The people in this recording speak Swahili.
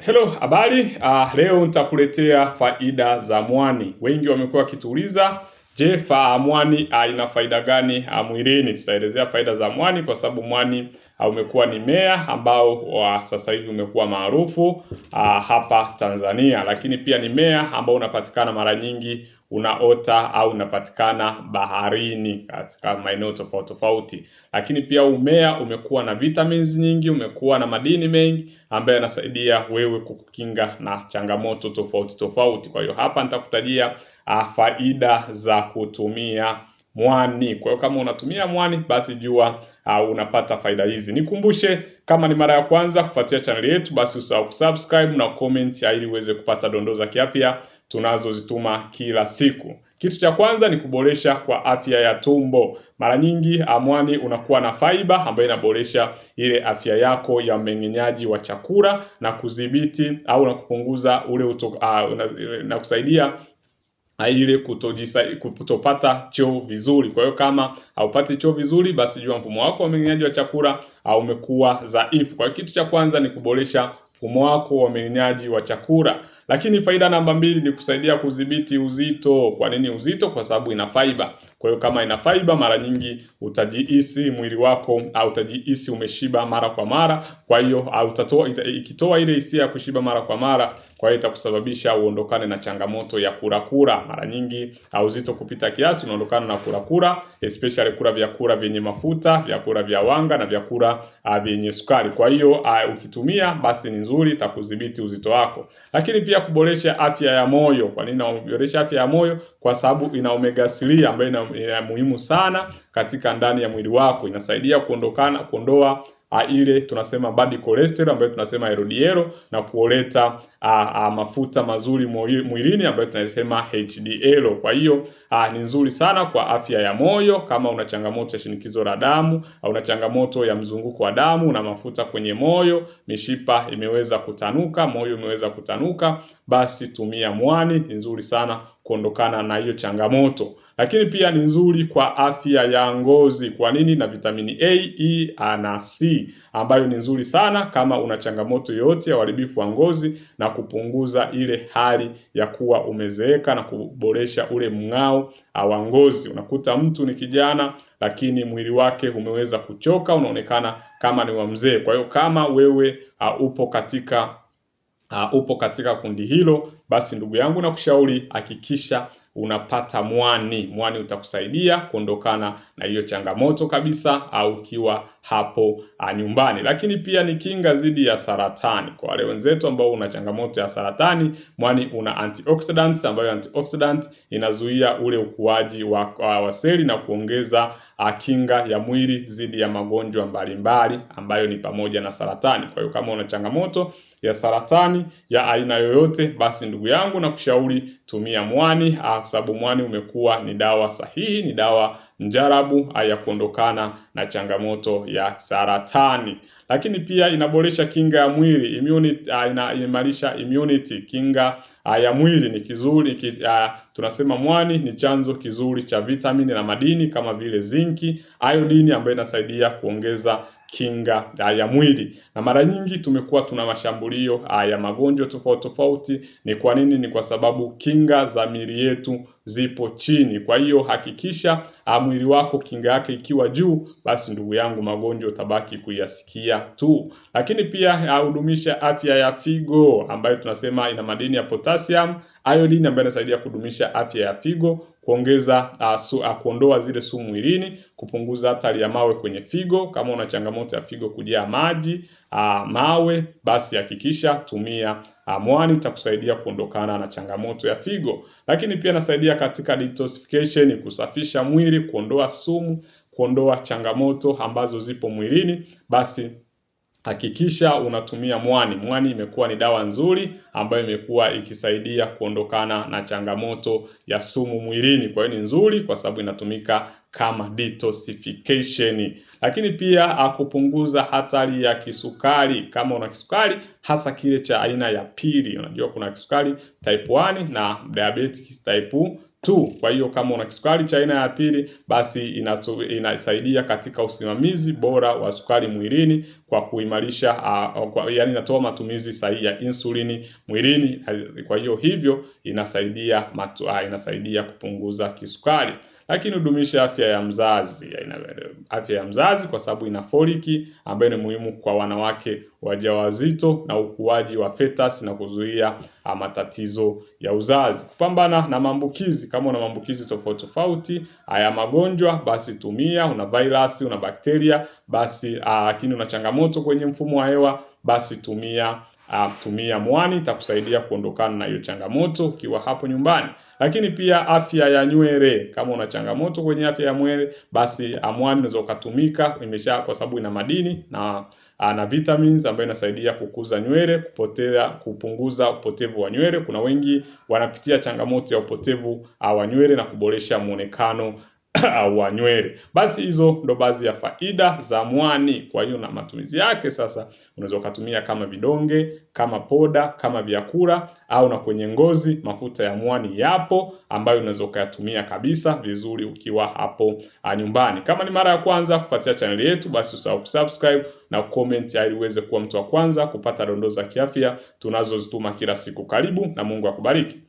Hello, habari. Uh, leo nitakuletea faida za mwani. Wengi wamekuwa wakituuliza, je, fa ah, mwani uh, ina faida gani uh, mwilini? Tutaelezea faida za mwani kwa sababu mwani uh, umekuwa ni mmea ambao uh, sasa hivi umekuwa maarufu uh, hapa Tanzania, lakini pia ni mmea ambao unapatikana mara nyingi unaota au unapatikana baharini katika maeneo tofauti tofauti. Lakini pia umea umekuwa na vitamins nyingi, umekuwa na madini mengi ambayo yanasaidia wewe kukukinga na changamoto tofauti tofauti. Kwa hiyo hapa nitakutajia ah, faida za kutumia mwani. Kwa hiyo kama unatumia mwani, basi jua uh, unapata faida hizi. Nikumbushe, kama ni mara ya kwanza kufuatia chaneli yetu, basi usahau kusubscribe na comment ah, ili uweze kupata dondoo za kiafya tunazozituma kila siku. Kitu cha kwanza ni kuboresha kwa afya ya tumbo. Mara nyingi ah, mwani unakuwa na fiber ambayo inaboresha ile afya yako ya mmeng'enyaji wa chakula na kudhibiti au na kupunguza ule uto, uh, na, na kusaidia ile kutopata choo vizuri. Kwa hiyo kama haupati choo vizuri, basi jua mfumo wako wa mmeng'enyaji wa chakula umekuwa dhaifu. Kwa hiyo kitu cha kwanza ni kuboresha mfumo wako wa mmeng'enyaji wa chakula. Lakini faida namba mbili ni kusaidia kudhibiti uzito. Kwa nini uzito? Kwa sababu ina fiber. Kwa hiyo kama ina fiber, mara nyingi utajihisi mwili wako au utajihisi umeshiba mara kwa mara. Kwa hiyo au utatoa ikitoa ile hisia ya kushiba mara kwa mara, kwa hiyo itakusababisha uondokane na changamoto ya kula kula mara nyingi au uzito kupita kiasi, unaondokana na kula kula, especially kula vyakula vyenye mafuta, vyakula vya wanga na vyakula ah, vyenye sukari. Kwa hiyo ah, ukitumia basi ni nzuri itakudhibiti uzito wako. Lakini pia kuboresha afya ya moyo. Kwa nini naboresha afya ya moyo? Kwa sababu ina omega 3 ambayo ina, muhimu sana katika ndani ya mwili wako. Inasaidia kuondokana kuondoa ile tunasema bad cholesterol ambayo tunasema LDL na kuleta mafuta mazuri mwilini ambayo tunasema HDL. Kwa hiyo ni nzuri sana kwa afya ya moyo. Kama una changamoto ya shinikizo la damu au una changamoto ya mzunguko wa damu na mafuta kwenye moyo, mishipa imeweza kutanuka, moyo umeweza kutanuka, basi tumia mwani, ni nzuri sana kuondokana na hiyo changamoto, lakini pia ni nzuri kwa afya ya ngozi. Kwa nini? Na vitamini A, E na C ambayo ni nzuri sana kama una changamoto yoyote ya uharibifu wa ngozi na kupunguza ile hali ya kuwa umezeeka na kuboresha ule mng'ao ah, wa ngozi. Unakuta mtu ni kijana lakini mwili wake umeweza kuchoka, unaonekana kama ni wa mzee. Kwa hiyo kama wewe uh, upo katika uh, upo katika kundi hilo, basi ndugu yangu nakushauri hakikisha unapata mwani. Mwani utakusaidia kuondokana na hiyo changamoto kabisa, au ukiwa hapo uh, nyumbani. Lakini pia ni kinga dhidi ya saratani. Kwa wale wenzetu ambao una changamoto ya saratani, mwani una antioxidants, ambayo antioxidant inazuia ule ukuaji wa, wa, wa seli na kuongeza uh, kinga ya mwili dhidi ya magonjwa mbalimbali ambayo ni pamoja na saratani. Kwa hiyo kama una changamoto ya saratani ya aina yoyote, basi ndugu yangu, kushauri tumia mwani, ah, kwa sababu mwani umekuwa ni dawa sahihi, ni dawa njarabu ah, ya kuondokana na changamoto ya saratani. Lakini pia inaboresha kinga ya mwili, immunity, ah, inaimarisha immunity, kinga Ah, ya mwili ni kizuri ki, uh, tunasema mwani ni chanzo kizuri cha vitamini na madini kama vile zinki, iodini ambayo inasaidia kuongeza kinga ah, ya mwili. Na mara nyingi tumekuwa tuna mashambulio ah, ya magonjwa tofauti tofauti. Ni kwa nini? Ni kwa sababu kinga za miili yetu zipo chini. Kwa hiyo hakikisha ah, mwili wako kinga yake ikiwa juu, basi ndugu yangu, magonjwa utabaki kuyasikia tu. Lakini pia hudumisha ah, afya ya figo ambayo tunasema ina madini ya potassium iodine ambayo inasaidia kudumisha afya ya figo, kuongeza uh, su, uh, kuondoa zile sumu mwilini, kupunguza hatari ya mawe kwenye figo. Kama una changamoto ya figo kujaa maji uh, mawe, basi hakikisha tumia uh, mwani, itakusaidia kuondokana na changamoto ya figo. Lakini pia inasaidia katika detoxification, kusafisha mwili, kuondoa sumu, kuondoa changamoto ambazo zipo mwilini basi hakikisha unatumia mwani. Mwani imekuwa ni dawa nzuri ambayo imekuwa ikisaidia kuondokana na changamoto ya sumu mwilini. Kwa hiyo ni nzuri kwa sababu inatumika kama detoxification, lakini pia akupunguza ah, hatari ya kisukari. Kama una kisukari hasa kile cha aina ya pili, unajua kuna kisukari type 1 na diabetes type tu. Kwa hiyo kama una kisukari cha aina ya pili, basi inasaidia katika usimamizi bora wa sukari mwilini kwa kuimarisha uh, kwa, yani inatoa matumizi sahihi ya insulini mwilini. Kwa hiyo hivyo inasaidia matu, uh, inasaidia kupunguza kisukari. Lakini udumishe afya ya mzazi, afya ya mzazi kwa sababu ina foliki ambayo ni muhimu kwa wanawake wajawazito na ukuaji wa fetus na kuzuia ah, matatizo ya uzazi. Kupambana na maambukizi, kama una maambukizi tofauti tofauti haya ah, magonjwa, basi tumia, una virus, una bakteria, basi ah, lakini una changamoto kwenye mfumo wa hewa, basi tumia uh, tumia mwani itakusaidia kuondokana na hiyo changamoto ukiwa hapo nyumbani. Lakini pia afya ya nywele, kama una changamoto kwenye afya ya nywele, basi ah, mwani unaweza ukatumika, imesha kwa sababu ina madini na ah, na vitamins ambayo inasaidia kukuza nywele, kupotea, kupunguza upotevu wa nywele. Kuna wengi wanapitia changamoto ya upotevu wa nywele na kuboresha muonekano wa nywele. Basi hizo ndo baadhi ya faida za mwani. Kwa hiyo na matumizi yake sasa, unaweza ukatumia kama vidonge, kama poda, kama vyakula au na kwenye ngozi. Mafuta ya mwani yapo ambayo unaweza ukayatumia kabisa vizuri ukiwa hapo ah, nyumbani. Kama ni mara ya kwanza kufuatia chaneli yetu, basi usahau kusubscribe na comment ili uweze kuwa mtu wa kwanza kupata dondoo za kiafya tunazozituma kila siku. Karibu na Mungu akubariki.